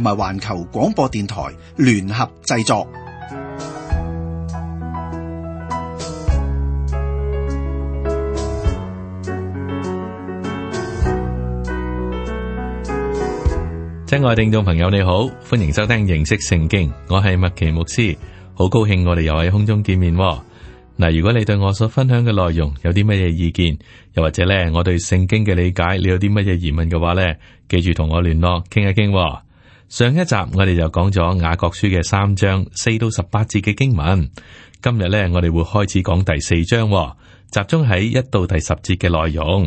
同埋環球廣播電台聯合製作。親愛聽眾朋友，你好，歡迎收聽認識聖經。我係麥奇牧師，好高興我哋又喺空中見面嗱。如果你對我所分享嘅內容有啲乜嘢意見，又或者咧，我對聖經嘅理解，你有啲乜嘢疑問嘅話咧，記住同我聯絡，傾一傾。上一集我哋就講咗雅各書嘅三章四到十八節嘅經文，今日呢，我哋會開始講第四章哦，集中喺一到第十節嘅內容。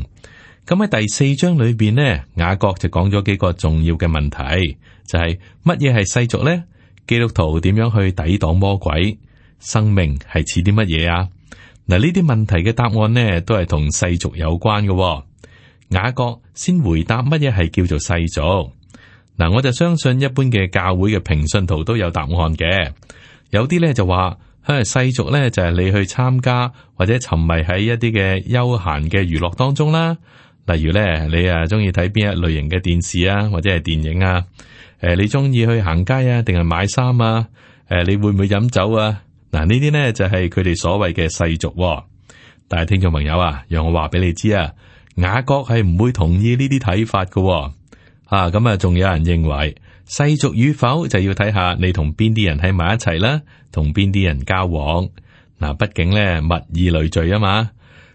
咁喺第四章裏邊呢，雅各就講咗幾個重要嘅問題，就係乜嘢係世俗呢？基督徒點樣去抵擋魔鬼？生命係似啲乜嘢啊？嗱，呢啲問題嘅答案呢，都係同世俗有關嘅哦。雅各先回答乜嘢係叫做世俗。嗱，我就相信一般嘅教會嘅平信徒都有答案嘅，有啲咧就話，誒世俗咧就係你去參加或者沉迷喺一啲嘅休閒嘅娛樂當中啦，例如咧你啊中意睇邊一類型嘅電視啊，或者係電影啊，誒你中意去行街啊，定係買衫啊，誒你會唔會飲酒啊？嗱呢啲咧就係佢哋所謂嘅世俗，但係聽眾朋友啊，讓我話俾你知啊，雅各係唔會同意呢啲睇法㗎。啊咁啊，仲有人認為世俗與否就要睇下你同邊啲人喺埋一齊啦，同邊啲人交往。嗱、啊，畢竟咧物以類聚啊嘛。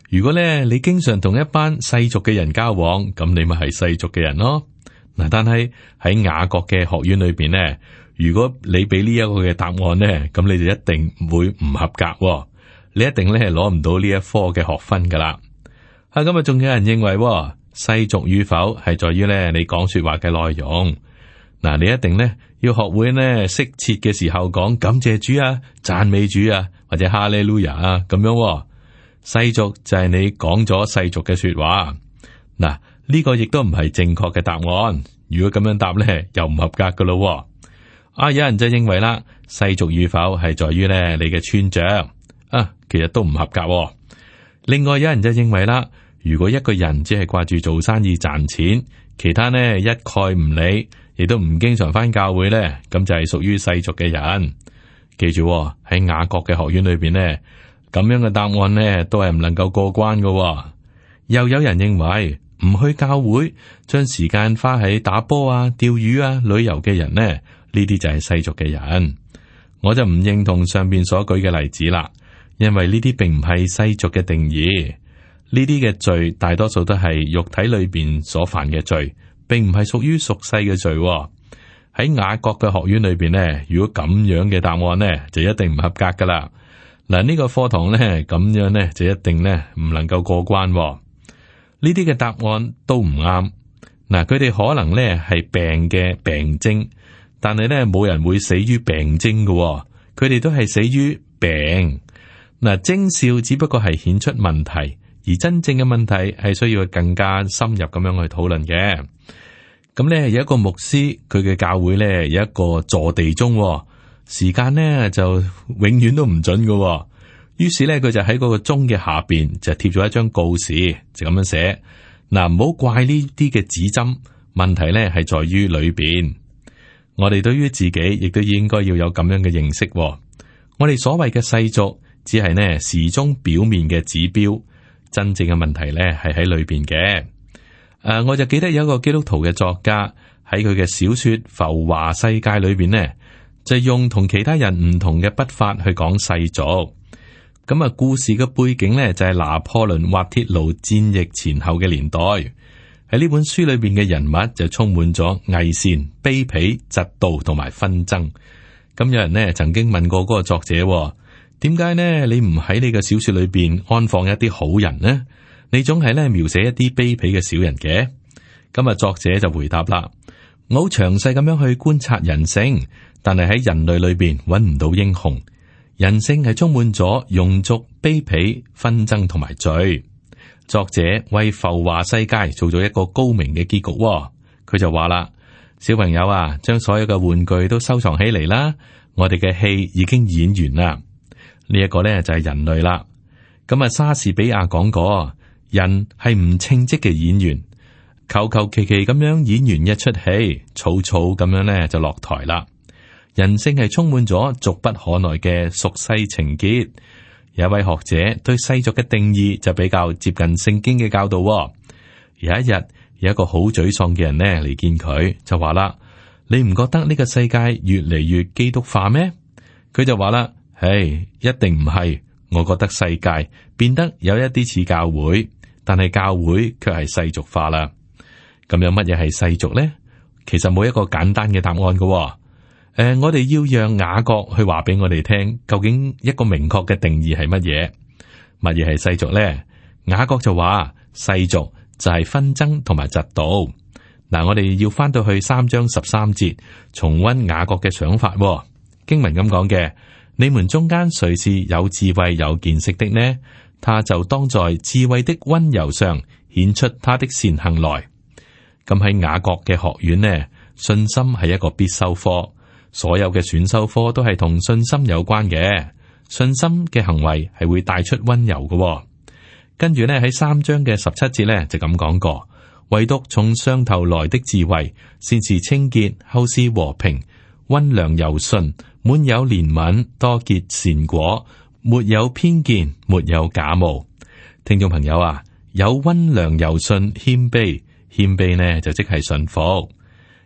如果咧你經常同一班世俗嘅人交往，咁你咪係世俗嘅人咯。嗱、啊，但係喺雅各嘅學院裏邊咧，如果你俾呢一個嘅答案咧，咁你就一定會唔合格、哦，你一定咧係攞唔到呢一科嘅學分噶啦。啊，咁啊，仲有人認為。世俗與否係在於咧，你講說話嘅內容，嗱，你一定咧要學會咧適切嘅時候講感謝主啊、讚美主啊或者哈利路亞啊咁樣。世俗就係你講咗世俗嘅說話，嗱，呢個亦都唔係正確嘅答案。如果咁樣答咧，又唔合格噶咯。啊，有人就認為啦，世俗與否係在於咧你嘅村長啊，其實都唔合格。另外有人就認為啦。如果一個人只係掛住做生意賺錢，其他呢一概唔理，亦都唔經常翻教會呢，咁就係屬於世俗嘅人。記住喎，喺雅各嘅學院裏邊呢，咁樣嘅答案呢，都係唔能夠過關嘅喎。又有人認為唔去教會，將時間花喺打波啊、釣魚啊、旅遊嘅人呢，呢啲就係世俗嘅人。我就唔認同上面所舉嘅例子啦，因為呢啲並唔係世俗嘅定義。呢啲嘅罪，大多數都係肉體裏邊所犯嘅罪，並唔係屬於屬世嘅罪喎。喺雅各嘅學院裏邊呢，如果咁樣嘅答案呢，就一定唔合格噶啦。嗱，呢個課堂呢，咁樣呢，就一定呢，唔能夠過關。呢啲嘅答案都唔啱嗱，佢哋可能呢，係病嘅病徵，但係呢，冇人會死於病徵嘅，佢哋都係死於病嗱。徵兆只不過係顯出問題。而真正嘅問題係需要更加深入咁樣去討論嘅。咁呢，有一個牧師，佢嘅教會呢，有一個坐地鐘、哦，時間呢就永遠都唔準嘅、哦。於是呢，佢就喺嗰個鐘嘅下邊就貼咗一張告示，就咁樣寫嗱，唔好怪呢啲嘅指針。問題呢係在於裏邊。我哋對於自己亦都應該要有咁樣嘅認識、哦。我哋所謂嘅世俗只，只係呢時鐘表面嘅指標。真正嘅問題咧，係喺裏邊嘅。誒,我就記得有一個基督徒嘅作家喺佢嘅小說《浮華世界》裏邊咧，就用同其他人唔同嘅筆法去講世俗。咁啊，故事嘅背景呢，就係、是、拿破崙滑鐵盧戰役前後嘅年代。喺呢本書裏邊嘅人物就充滿咗偽善、卑鄙、嫉妒同埋紛爭。咁有人呢曾經問過嗰個作者。點解呢？你唔喺你嘅小說裏邊安放一啲好人呢？你總係呢描寫一啲卑鄙嘅小人嘅。今日作者就回答啦，我好詳細咁樣去觀察人性，但係喺人類裏邊揾唔到英雄。人性係充滿咗庸俗、卑鄙、紛爭同埋罪。作者為浮華世界做咗一個高明嘅結局，哦。佢就話啦，小朋友啊，將所有嘅玩具都收藏起嚟啦。我哋嘅戲已經演完啦。呢一個咧，就係人類啦，咁啊莎士比亞講過，人係唔稱職嘅演員，求求其其咁樣演完一出戲，草草咁樣咧就落台啦。人性係充滿咗俗不可耐嘅俗世情結。有一位學者對世俗嘅定義就比較接近聖經嘅教導。有一日有一個好沮喪嘅人呢，嚟見佢，就話啦：你唔覺得呢個世界越嚟越基督化咩？佢就話啦。唉，hey, 一定唔係，我覺得世界變得有一啲似教會，但係教會卻係世俗化啦。咁有乜嘢係世俗呢？其實冇一個簡單嘅答案噶、哦。誒、呃，我哋要讓雅各去話俾我哋聽，究竟一個明確嘅定義係乜嘢？乜嘢係世俗呢？雅各就話世俗就係紛爭同埋嫉妒。嗱、呃，我哋要翻到去三章十三節，重溫雅各嘅想法、哦。經文咁講嘅。你們中間誰是有智慧、有見識的呢？他就當在智慧的温柔上顯出他的善行來。咁喺雅各嘅學院呢，信心係一個必修科，所有嘅選修科都係同信心有關嘅。信心嘅行為係會帶出温柔嘅。跟住呢喺三章嘅十七節呢就咁講過，唯獨從上頭來的智慧，先至清潔，後是和平。溫良柔順，滿有憐憫，多結善果，沒有偏見，沒有假冒。聽眾朋友啊，有溫良柔順，謙卑，謙卑呢就即係信服。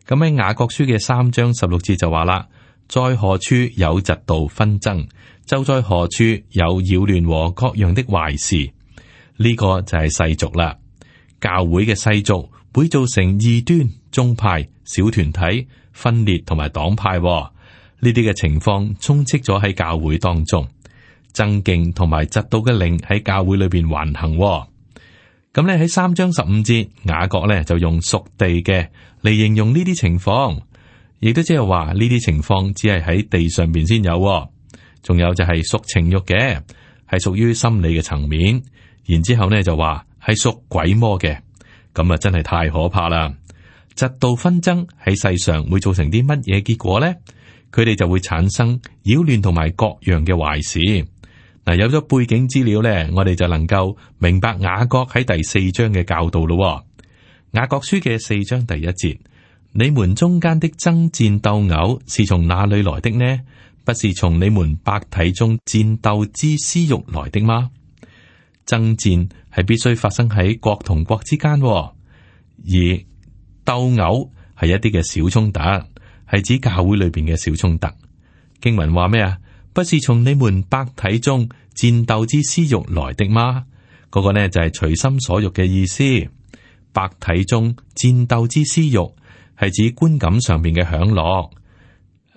咁喺雅各書嘅三章十六節就話啦，在何處有嫉妒紛爭，就在何處有擾亂和各樣的壞事。呢、這個就係世俗啦，教會嘅世俗會造成異端、宗派、小團體。分裂同埋黨派呢啲嘅情況充斥咗喺教會當中，爭競同埋嫉妒嘅靈喺教會裏邊橫行。咁咧喺三章十五節，雅各咧就用屬地嘅嚟形容呢啲情況，亦都即係話呢啲情況只係喺地上邊先有。仲有就係屬情欲嘅，係屬於心理嘅層面。然之後咧就話係屬鬼魔嘅，咁啊真係太可怕啦。嫉妒紛爭喺世上會造成啲乜嘢結果呢？佢哋就會產生擾亂同埋各樣嘅壞事嗱、啊。有咗背景資料呢，我哋就能夠明白雅各喺第四章嘅教導咯。雅各書嘅四章第一節：你們中間的爭戰鬥毆是從哪裏來的呢？不是從你們百體中戰鬥之私欲來的嗎？爭戰係必須發生喺國同國之間，而。鬥毆係一啲嘅小衝突，係指教會裏邊嘅小衝突。經文話咩啊？不是從你們百體中戰鬥之私欲來的嗎？嗰個呢就係隨心所欲嘅意思。百體中戰鬥之私欲係指觀感上邊嘅享樂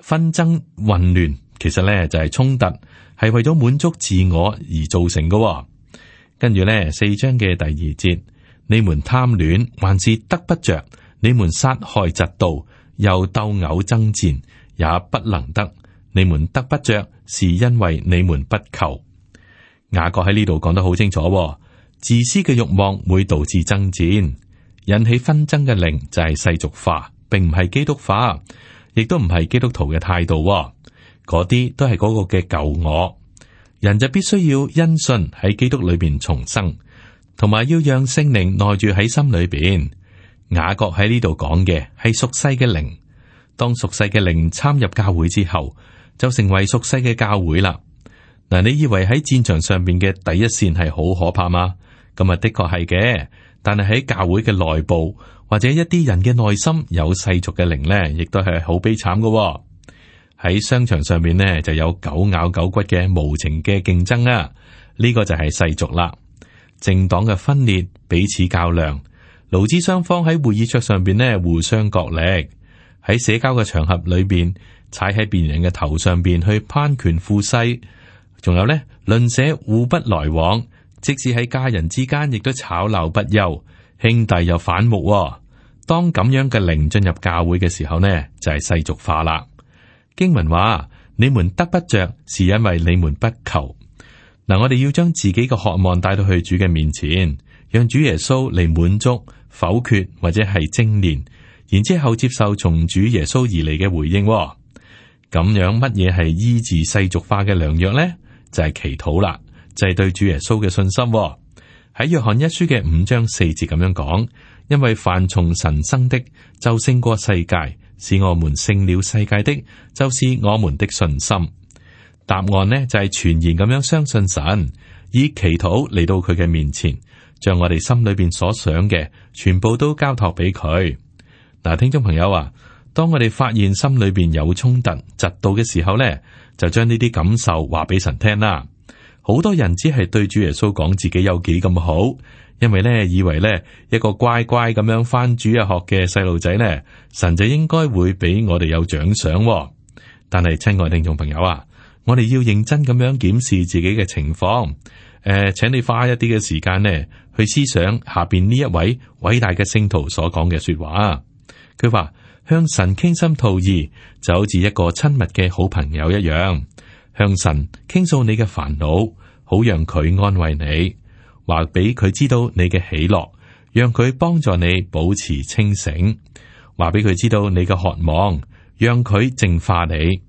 紛爭混亂，其實呢就係衝突，係為咗滿足自我而造成嘅。跟住呢，四章嘅第二節，你們貪戀還是得不着。你們殺害嫉妒，又鬥毆爭戰，也不能得。你們得不着，是因為你們不求。雅各喺呢度講得好清楚，自私嘅欲望會導致爭戰，引起紛爭嘅靈就係世俗化，並唔係基督化，亦都唔係基督徒嘅態度。嗰啲都係嗰個嘅舊我，人就必須要因信喺基督裏邊重生，同埋要讓聖靈內住喺心裏邊。雅各喺呢度講嘅係屬世嘅靈，當屬世嘅靈參入教會之後，就成為屬世嘅教會啦。嗱，你以為喺戰場上面嘅第一綫係好可怕嗎？咁啊的確係嘅，但係喺教會嘅內部或者一啲人嘅內心有世俗嘅靈呢，亦都係好悲慘噶。喺商場上面呢，就有狗咬狗骨嘅無情嘅競爭啊，呢個就係世俗啦。政黨嘅分裂，彼此較量。勞資雙方喺會議桌上邊咧互相角力，喺社交嘅場合裏邊踩喺別人嘅頭上邊去攀權附勢，仲有呢鄰舍互不來往，即使喺家人之間亦都吵鬧不休，兄弟又反目，哦。當咁樣嘅靈進入教會嘅時候呢，就係世俗化啦。經文話：你們得不着，是因為你們不求。嗱，我哋要將自己嘅渴望帶到去主嘅面前。讓主耶穌嚟滿足、否決或者係精煉，然之後接受從主耶穌而嚟嘅回應。咁樣乜嘢係醫治世俗化嘅良藥呢？就係、是、祈禱啦，就係、是、對主耶穌嘅信心。喺約翰一書嘅五章四節咁樣講，因為凡從神生的就勝過世界，使我們勝了世界的，就是我們的信心。答案呢，就係、是、全然咁樣相信神，以祈禱嚟到佢嘅面前。將我哋心裏邊所想嘅，全部都交託俾佢。嗱、啊，聽眾朋友啊，當我哋發現心裏邊有衝突、嫉妒嘅時候呢，就將呢啲感受話俾神聽、啊、啦。好多人只係對主耶穌講自己有幾咁好，因為呢，以為呢一個乖乖咁樣返主日學嘅細路仔呢，神就應該會俾我哋有獎賞、啊。但係親愛聽眾朋友啊，我哋要認真咁樣檢視自己嘅情況。誒、呃，請你花一啲嘅時間呢。去思想下邊呢一位偉大嘅聖徒所講嘅說話，佢話向神傾心吐意，就好似一個親密嘅好朋友一樣，向神傾訴你嘅煩惱，好讓佢安慰你，話俾佢知道你嘅喜樂，讓佢幫助你保持清醒，話俾佢知道你嘅渴望，讓佢淨化你，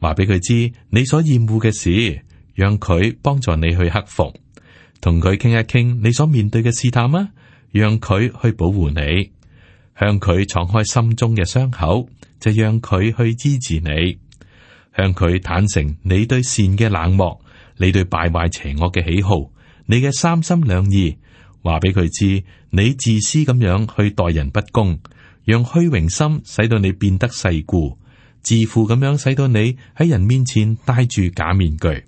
話俾佢知你所厭惡嘅事，讓佢幫助你去克服。同佢傾一傾，你所面對嘅試探啊，讓佢去保護你，向佢敞開心中嘅傷口，就讓佢去支持你，向佢坦誠你對善嘅冷漠，你對敗壞邪惡嘅喜好，你嘅三心兩意，話俾佢知你自私咁樣去待人不公，讓虛榮心使到你變得世故，自負咁樣使到你喺人面前戴住假面具。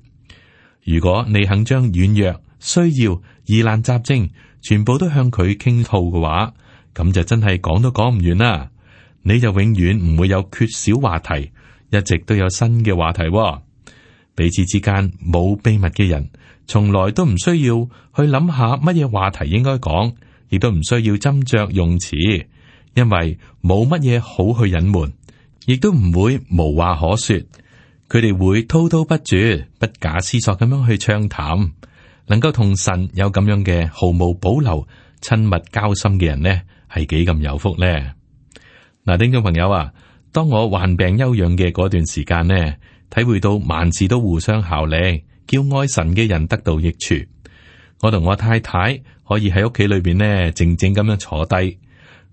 如果你肯將軟弱。需要疑難雜症，全部都向佢傾吐嘅話，咁就真係講都講唔完啦。你就永遠唔會有缺少話題，一直都有新嘅話題喎。彼此之間冇秘密嘅人，從來都唔需要去諗下乜嘢話題應該講，亦都唔需要斟酌用詞，因為冇乜嘢好去隱瞞，亦都唔會無話可說。佢哋會滔滔不絕，不假思索咁樣去暢談。能夠同神有咁樣嘅毫無保留親密交心嘅人呢，係幾咁有福呢？嗱，聽眾朋友啊，當我患病休養嘅嗰段時間呢，體會到萬事都互相效力，叫愛神嘅人得到益處。我同我太太可以喺屋企裏邊呢，靜靜咁樣坐低，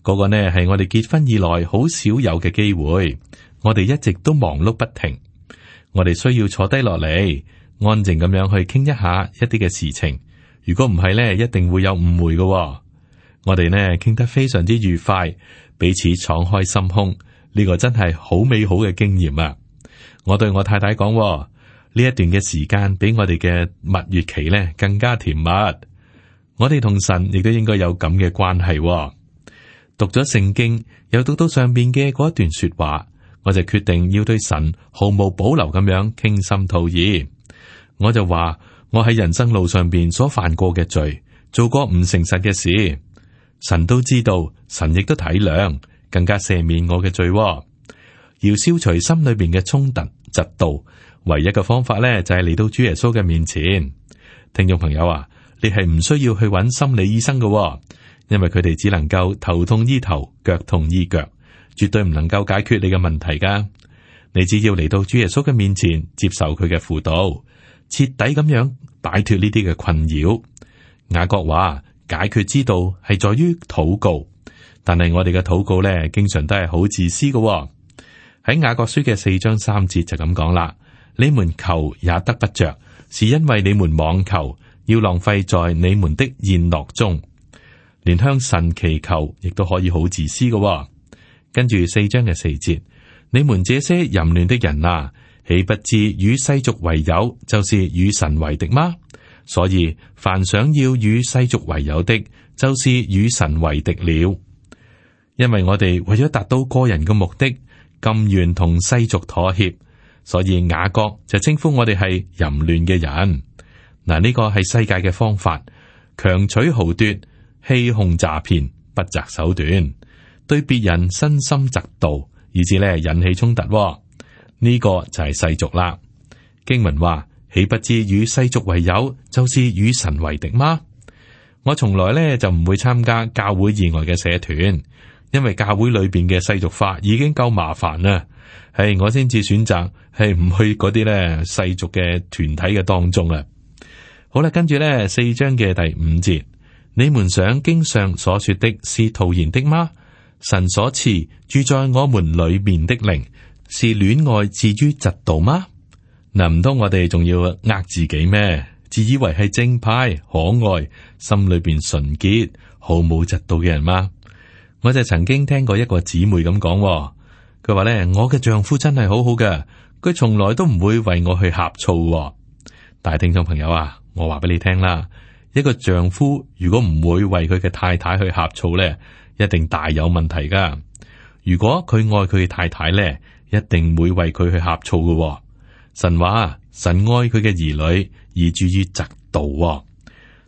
嗰個呢係我哋結婚以來好少有嘅機會。我哋一直都忙碌不停，我哋需要坐低落嚟，安靜咁樣去傾一下一啲嘅事情。如果唔係呢，一定會有誤會嘅喎。我哋呢，傾得非常之愉快，彼此敞開心胸。呢個真係好美好嘅經驗啊！我對我太太講呢一段嘅時間，比我哋嘅蜜月期呢更加甜蜜。我哋同神亦都應該有咁嘅關係喎。讀咗聖經，又讀到上面嘅嗰一段說話，我就決定要對神毫無保留咁樣傾心吐意。我就話我喺人生路上邊所犯過嘅罪，做過唔誠實嘅事，神都知道，神亦都體諒，更加赦免我嘅罪喎。要消除心裏邊嘅衝突、嫉妒，唯一嘅方法呢，就係嚟到主耶穌嘅面前。聽眾朋友啊，你係唔需要去揾心理醫生嘅喎，因為佢哋只能夠頭痛醫頭、腳痛醫腳，絕對唔能夠解決你嘅問題㗎。你只要嚟到主耶穌嘅面前，接受佢嘅輔導。徹底咁樣擺脫呢啲嘅困擾，雅各話解決之道係在於禱告，但係我哋嘅禱告咧，經常都係好自私嘅哦。喺雅各書嘅四章三節就咁講啦，你們求也得不着，是因為你們妄求，要浪費在你們的宴樂中。連向神祈求，亦都可以好自私嘅哦。跟住四章嘅四節，你們這些淫亂的人啊！豈不知與世俗為友，就是與神為敵嗎？所以凡想要與世俗為友的，就是與神為敵了。因為我哋為咗達到個人嘅目的，甘願同世俗妥協，所以雅各就稱呼我哋係淫亂嘅人。嗱，呢個係世界嘅方法，強取豪奪、欺哄詐騙、不擇手段，對別人身心疾道，以至咧引起衝突。呢個就係世俗啦。經文話：豈不知與世俗為友，就是與神為敵嗎？我從來呢就唔會參加教會以外嘅社團，因為教會裏邊嘅世俗化已經夠麻煩啦。係我先至選擇係唔去嗰啲咧世俗嘅團體嘅當中啦。好啦，跟住呢四章嘅第五節，你們想經上所說的是徒然的嗎？神所賜住在我們裏面的靈。是戀愛至於嫉妒嗎？難，唔通我哋仲要呃自己咩？自以為係正派、可愛、心裏邊純潔、毫無嫉妒嘅人嗎？我就曾經聽過一個姊妹咁講，佢話咧，我嘅丈夫真係好好噶，佢從來都唔會為我去呷醋。但係聽眾朋友啊，我話俾你聽啦，一個丈夫如果唔會為佢嘅太太去呷醋咧，一定大有問題噶。如果佢愛佢嘅太太咧，一定會為佢去呷醋嘅神話。神愛佢嘅兒女而注於嫉妒，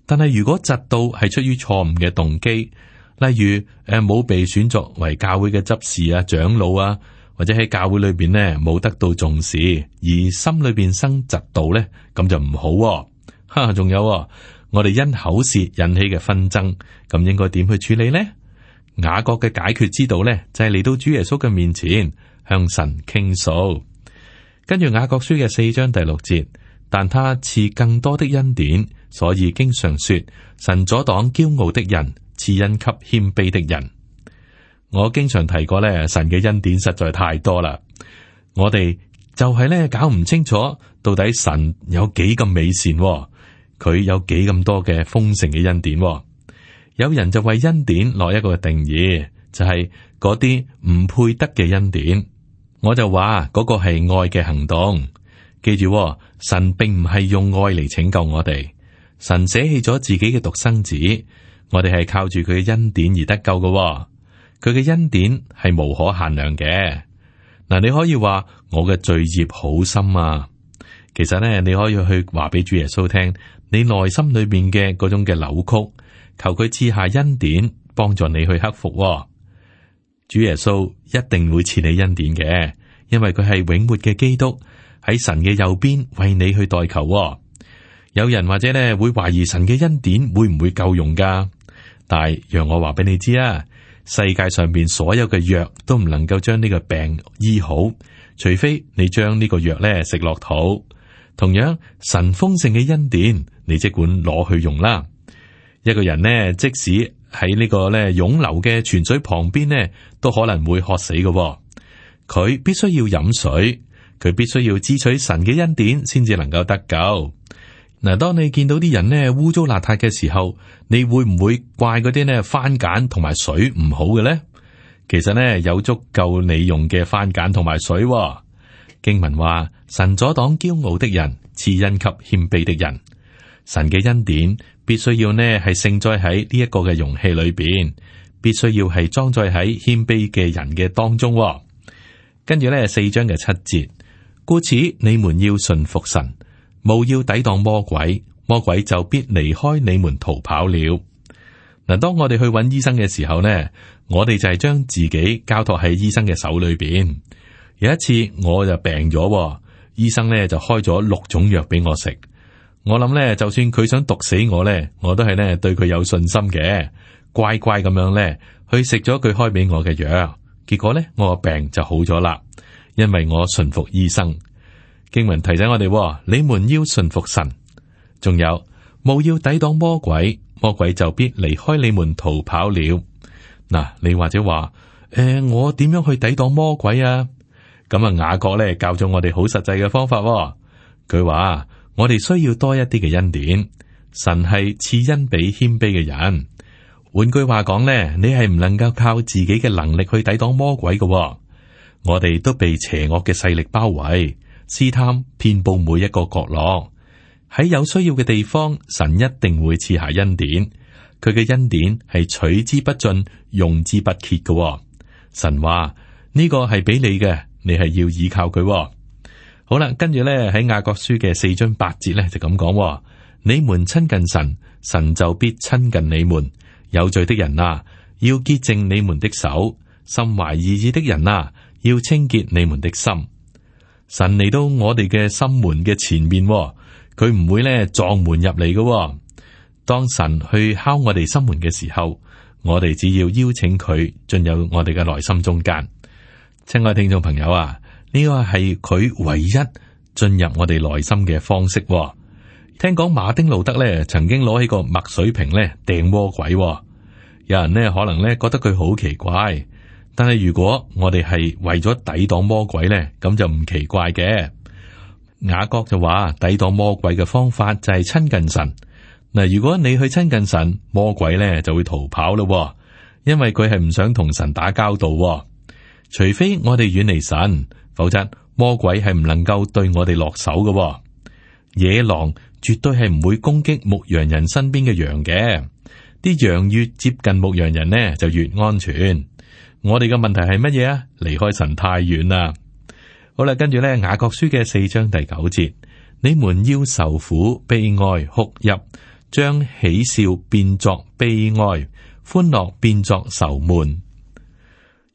但係如果嫉妒係出於錯誤嘅動機，例如誒冇被選作為教會嘅執事啊、長老啊，或者喺教會裏邊呢冇得到重視，而心裏邊生嫉妒咧，咁就唔好哈、哦，仲有我哋因口舌引起嘅紛爭，咁應該點去處理呢？雅各嘅解決之道咧，就係嚟到主耶穌嘅面前。向神傾訴，跟住雅各書嘅四章第六節，但他賜更多的恩典，所以經常說神阻擋驕傲的人，賜恩給謙卑的人。我經常提過咧，神嘅恩典實在太多啦，我哋就係咧搞唔清楚到底神有幾咁美善，佢有幾咁多嘅豐盛嘅恩典。有人就為恩典落一個定義，就係嗰啲唔配得嘅恩典。我就話嗰個係愛嘅行動，記住、哦，神並唔係用愛嚟拯救我哋，神捨棄咗自己嘅獨生子，我哋係靠住佢嘅恩典而得救嘅、哦，佢嘅恩典係無可限量嘅。嗱，你可以話我嘅罪孽好深啊，其實呢，你可以去話俾主耶穌聽，你內心裏面嘅嗰種嘅扭曲，求佢賜下恩典幫助你去克服、哦。主耶穌。一定會賜你恩典嘅，因為佢係永活嘅基督喺神嘅右邊，為你去代求。有人或者咧會懷疑神嘅恩典會唔會夠用噶？但係讓我話俾你知啊，世界上邊所有嘅藥都唔能夠將呢個病醫好，除非你將呢個藥咧食落肚。同樣，神豐盛嘅恩典，你即管攞去用啦。一個人呢，即使喺呢個咧湧流嘅泉水旁邊呢都可能會渴死嘅，哦。佢必須要飲水，佢必須要支取神嘅恩典，先至能夠得救。嗱，當你見到啲人咧污糟邋遢嘅時候，你會唔會怪嗰啲呢番鹼同埋水唔好嘅咧？其實呢，有足夠你用嘅番鹼同埋水，哦。經文話：神阻擋驕傲的人，賜恩給謙卑的人。神嘅恩典。必須要呢係盛載喺呢一個嘅容器裏邊，必須要係裝載喺謙卑嘅人嘅當中，哦。跟住呢係四章嘅七節，故此你們要順服神，務要抵擋魔鬼，魔鬼就必離開你們逃跑了。嗱，當我哋去揾醫生嘅時候呢，我哋就係將自己交託喺醫生嘅手裏邊。有一次我就病咗，醫生呢就開咗六種藥俾我食。我諗咧，就算佢想毒死我咧，我都係咧對佢有信心嘅，乖乖咁樣咧去食咗佢開俾我嘅藥，結果咧我個病就好咗啦，因為我順服醫生。經文提醒我哋，你們要順服神，仲有冇要抵擋魔鬼？魔鬼就必離開你們逃跑了。嗱，你或者話，誒、欸，我點樣去抵擋魔鬼啊？咁啊，雅各咧教咗我哋好實際嘅方法，佢話。我哋需要多一啲嘅恩典，神係賜恩俾謙卑嘅人。換句話講咧，你係唔能夠靠自己嘅能力去抵擋魔鬼嘅，哦。我哋都被邪惡嘅勢力包圍，試探遍布每一個角落。喺有需要嘅地方，神一定會賜下恩典。佢嘅恩典係取之不盡、用之不竭嘅，哦。神話呢個係俾你嘅，你係要倚靠佢，哦。好啦，跟住呢喺雅各書嘅四章八節呢，就咁講，哦，你們親近神，神就必親近你們。有罪的人啊，要潔淨你們的手；心懷二意的人啊，要清潔你們的心。神嚟到我哋嘅心門嘅前面，佢唔會呢撞門入嚟嘅。當神去敲我哋心門嘅時候，我哋只要邀請佢進入我哋嘅內心中間。親愛聽眾朋友啊！呢個係佢唯一進入我哋內心嘅方式喎。聽講馬丁路德咧，曾經攞起個墨水瓶咧，掟魔鬼喎。有人咧可能咧覺得佢好奇怪，但係如果我哋係為咗抵擋魔鬼咧，咁就唔奇怪嘅。雅各就話，抵擋魔鬼嘅方法就係親近神。嗱，如果你去親近神，魔鬼咧就會逃跑咯喎，因為佢係唔想同神打交道喎，除非我哋遠離神。否則魔鬼係唔能夠對我哋落手嘅喎，野狼絕對係唔會攻擊牧羊人身邊嘅羊嘅，啲羊越接近牧羊人呢，就越安全。我哋嘅問題係乜嘢啊？離開神太遠啦。好啦，跟住呢雅各書嘅四章第九節，你們要受苦、悲哀、哭泣，將喜笑變作悲哀，歡樂變作愁悶。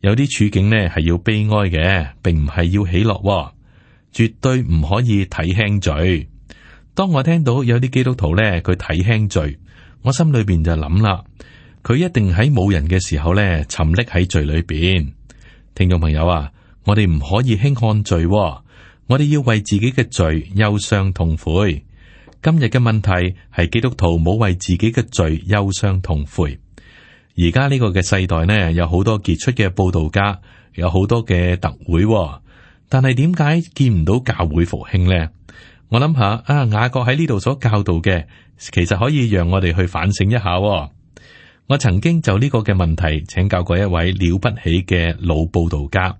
有啲處境呢係要悲哀嘅，並唔係要喜樂，絕對唔可以睇輕罪。當我聽到有啲基督徒呢，佢睇輕罪，我心裏邊就諗啦，佢一定喺冇人嘅時候呢，沉溺喺罪裏邊。聽眾朋友啊，我哋唔可以輕看罪，我哋要為自己嘅罪憂傷痛悔。今日嘅問題係基督徒冇為自己嘅罪憂傷痛悔。而家呢個嘅世代呢，有好多傑出嘅佈道家，有好多嘅特會、哦，但係點解見唔到教會復興呢？我諗下啊，雅各喺呢度所教導嘅，其實可以讓我哋去反省一下、哦。我曾經就呢個嘅問題請教過一位了不起嘅老佈道家。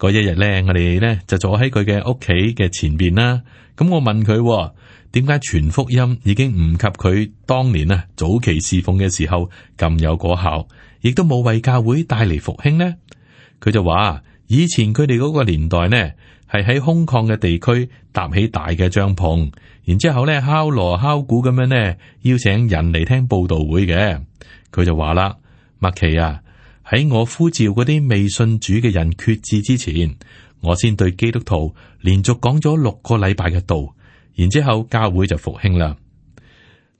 嗰一日呢，我哋呢就坐喺佢嘅屋企嘅前邊啦。咁我問佢、哦。點解全福音已經唔及佢當年啊，早期侍奉嘅時候咁有果效，亦都冇為教會帶嚟復興呢？佢就話：以前佢哋嗰個年代呢，係喺空曠嘅地區搭起大嘅帳篷，然之後咧敲鑼敲鼓咁樣呢，邀請人嚟聽佈道會嘅。佢就話啦：麥奇啊，喺我呼召嗰啲未信主嘅人決志之前，我先對基督徒連續講咗六個禮拜嘅道。然之後教會就復興啦，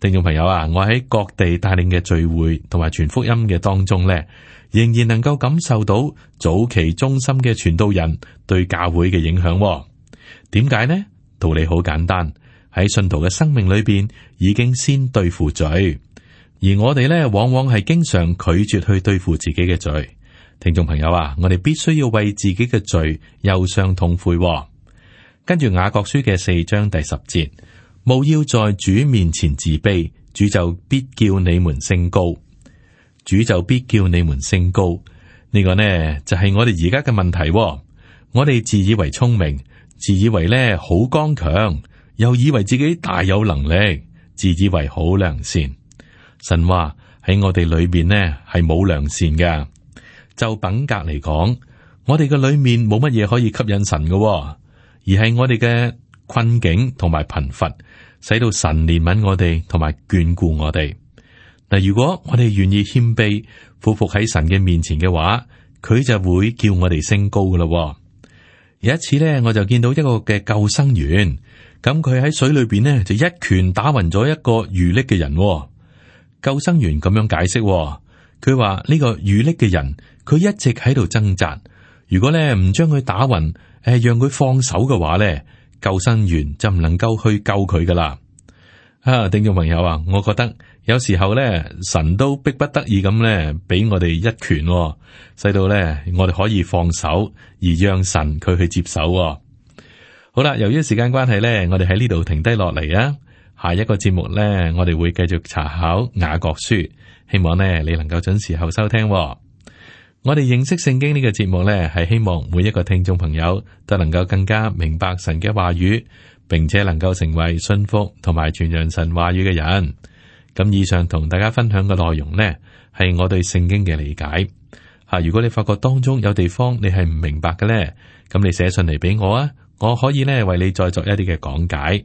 聽眾朋友啊，我喺各地帶領嘅聚會同埋傳福音嘅當中呢，仍然能夠感受到早期忠心嘅傳道人對教會嘅影響，哦。點解呢？道理好簡單，喺信徒嘅生命裏邊已經先對付罪，而我哋呢往往係經常拒絕去對付自己嘅罪。聽眾朋友啊，我哋必須要為自己嘅罪憂傷痛悔，哦。跟住雅各書嘅四章第十節，務要在主面前自卑，主就必叫你們升高。主就必叫你們升高。呢、這個呢就係、是、我哋而家嘅問題、哦。我哋自以為聰明，自以為呢好剛強，又以為自己大有能力，自以為好良善。神話喺我哋裏面呢係冇良善嘅。就品格嚟講，我哋嘅裏面冇乜嘢可以吸引神嘅、哦。而係我哋嘅困境同埋貧乏，使到神憐憫我哋同埋眷顧我哋。嗱，如果我哋願意謙卑俯伏喺神嘅面前嘅話，佢就會叫我哋升高噶啦。有一次咧，我就見到一個嘅救生員，咁佢喺水裏邊呢，就一拳打暈咗一個遇溺嘅人。救生員咁樣解釋，佢話呢個遇溺嘅人，佢一直喺度掙扎。如果咧唔將佢打暈。誒，讓佢放手嘅話咧，救生員就唔能夠去救佢噶啦。啊，聽眾朋友啊，我覺得有時候咧，神都逼不得已咁咧，俾我哋一拳，哦，使到咧，我哋可以放手而讓神佢去接手，哦。好啦，由於時間關係咧，我哋喺呢度停低落嚟啊。下一個節目咧，我哋會繼續查考雅各書，希望咧你能夠準時後收聽，哦。我哋認識聖經呢個節目呢，係希望每一個聽眾朋友都能夠更加明白神嘅話語，並且能夠成為信服同埋傳揚神話語嘅人。咁以上同大家分享嘅內容呢，係我對聖經嘅理解。吓，如果你發覺當中有地方你係唔明白嘅呢，咁你寫信嚟俾我啊，我可以呢為你再作一啲嘅講解。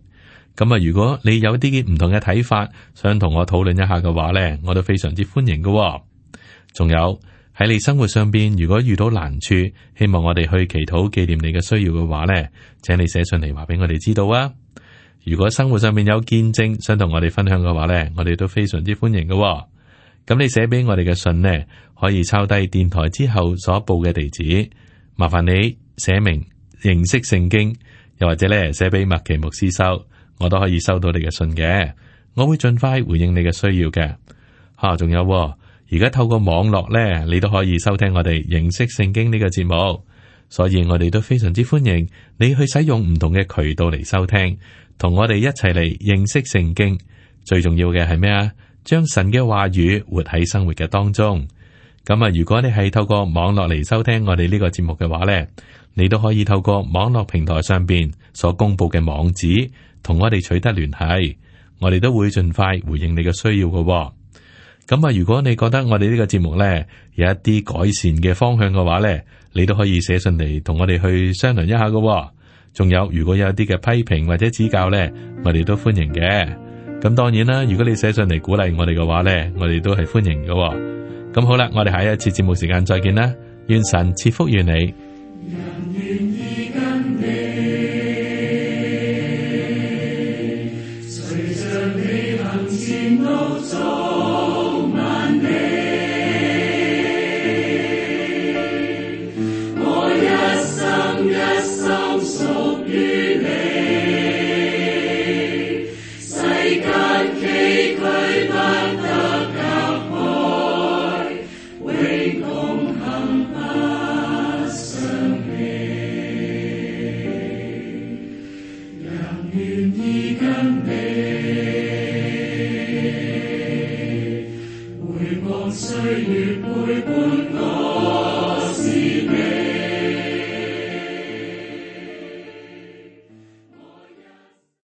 咁啊，如果你有啲唔同嘅睇法，想同我討論一下嘅話呢，我都非常之歡迎嘅喎。仲有。喺你生活上邊，如果遇到難處，希望我哋去祈禱紀念你嘅需要嘅話呢，請你寫信嚟話俾我哋知道啊！如果生活上面有見證想同我哋分享嘅話呢，我哋都非常之歡迎嘅，哦。咁你寫俾我哋嘅信呢，可以抄低電台之後所報嘅地址，麻煩你寫明認識聖經，又或者呢寫俾麥奇牧師收，我都可以收到你嘅信嘅，我會盡快回應你嘅需要嘅。吓，啊，仲有，哦。而家透過網絡咧，你都可以收聽我哋認識聖經呢個節目，所以我哋都非常之歡迎你去使用唔同嘅渠道嚟收聽，同我哋一齊嚟認識聖經。最重要嘅係咩啊？將神嘅話語活喺生活嘅當中。咁啊，如果你係透過網絡嚟收聽我哋呢個節目嘅話咧，你都可以透過網絡平台上邊所公布嘅網址，同我哋取得聯繫，我哋都會盡快回應你嘅需要嘅。咁啊，如果你覺得我哋呢個節目呢，有一啲改善嘅方向嘅話呢，你都可以寫信嚟同我哋去商量一下㗎喎。仲有，如果有啲嘅批評或者指教呢，我哋都歡迎嘅。咁當然啦，如果你寫信嚟鼓勵我哋嘅話呢，我哋都係歡迎㗎喎。咁好啦，我哋下一次節目時間再見啦，願神賜福於你。